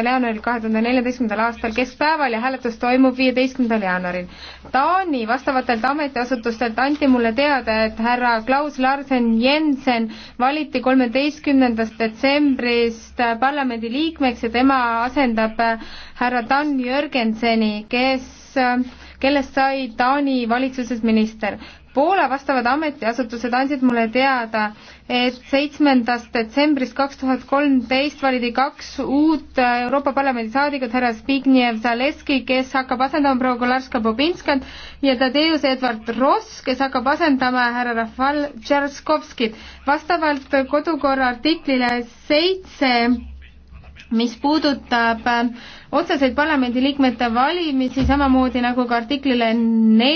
jaanuaril kahe tuhande neljateistkümnendal aastal keskpäeval ja hääletus toimub viieteistkümnendal jaanuaril. Taani vastavatelt ametiasutustelt anti mulle teada, et härra Klaus Larsen Jensen valiti kolmeteistkümnendast detsembrist parlamendi liikmeks ja tema asendab härra Dan Jürgenseni, kes kellest sai Taani valitsuses minister. Poola vastavad ametiasutused andsid mulle teada, et seitsmendast detsembrist kaks tuhat kolmteist valiti kaks uut Euroopa Parlamendi saadikut, härra Zbigniew Zaleski, kes hakkab asendama proua Kolarska-Bobinskat ja Tadeusz Edward Ross, kes hakkab asendama härra Rafal Tšerskovskit. vastavalt kodukorra artiklile seitse mis puudutab otseseid parlamendiliikmete valimisi, samamoodi nagu ka artiklile neli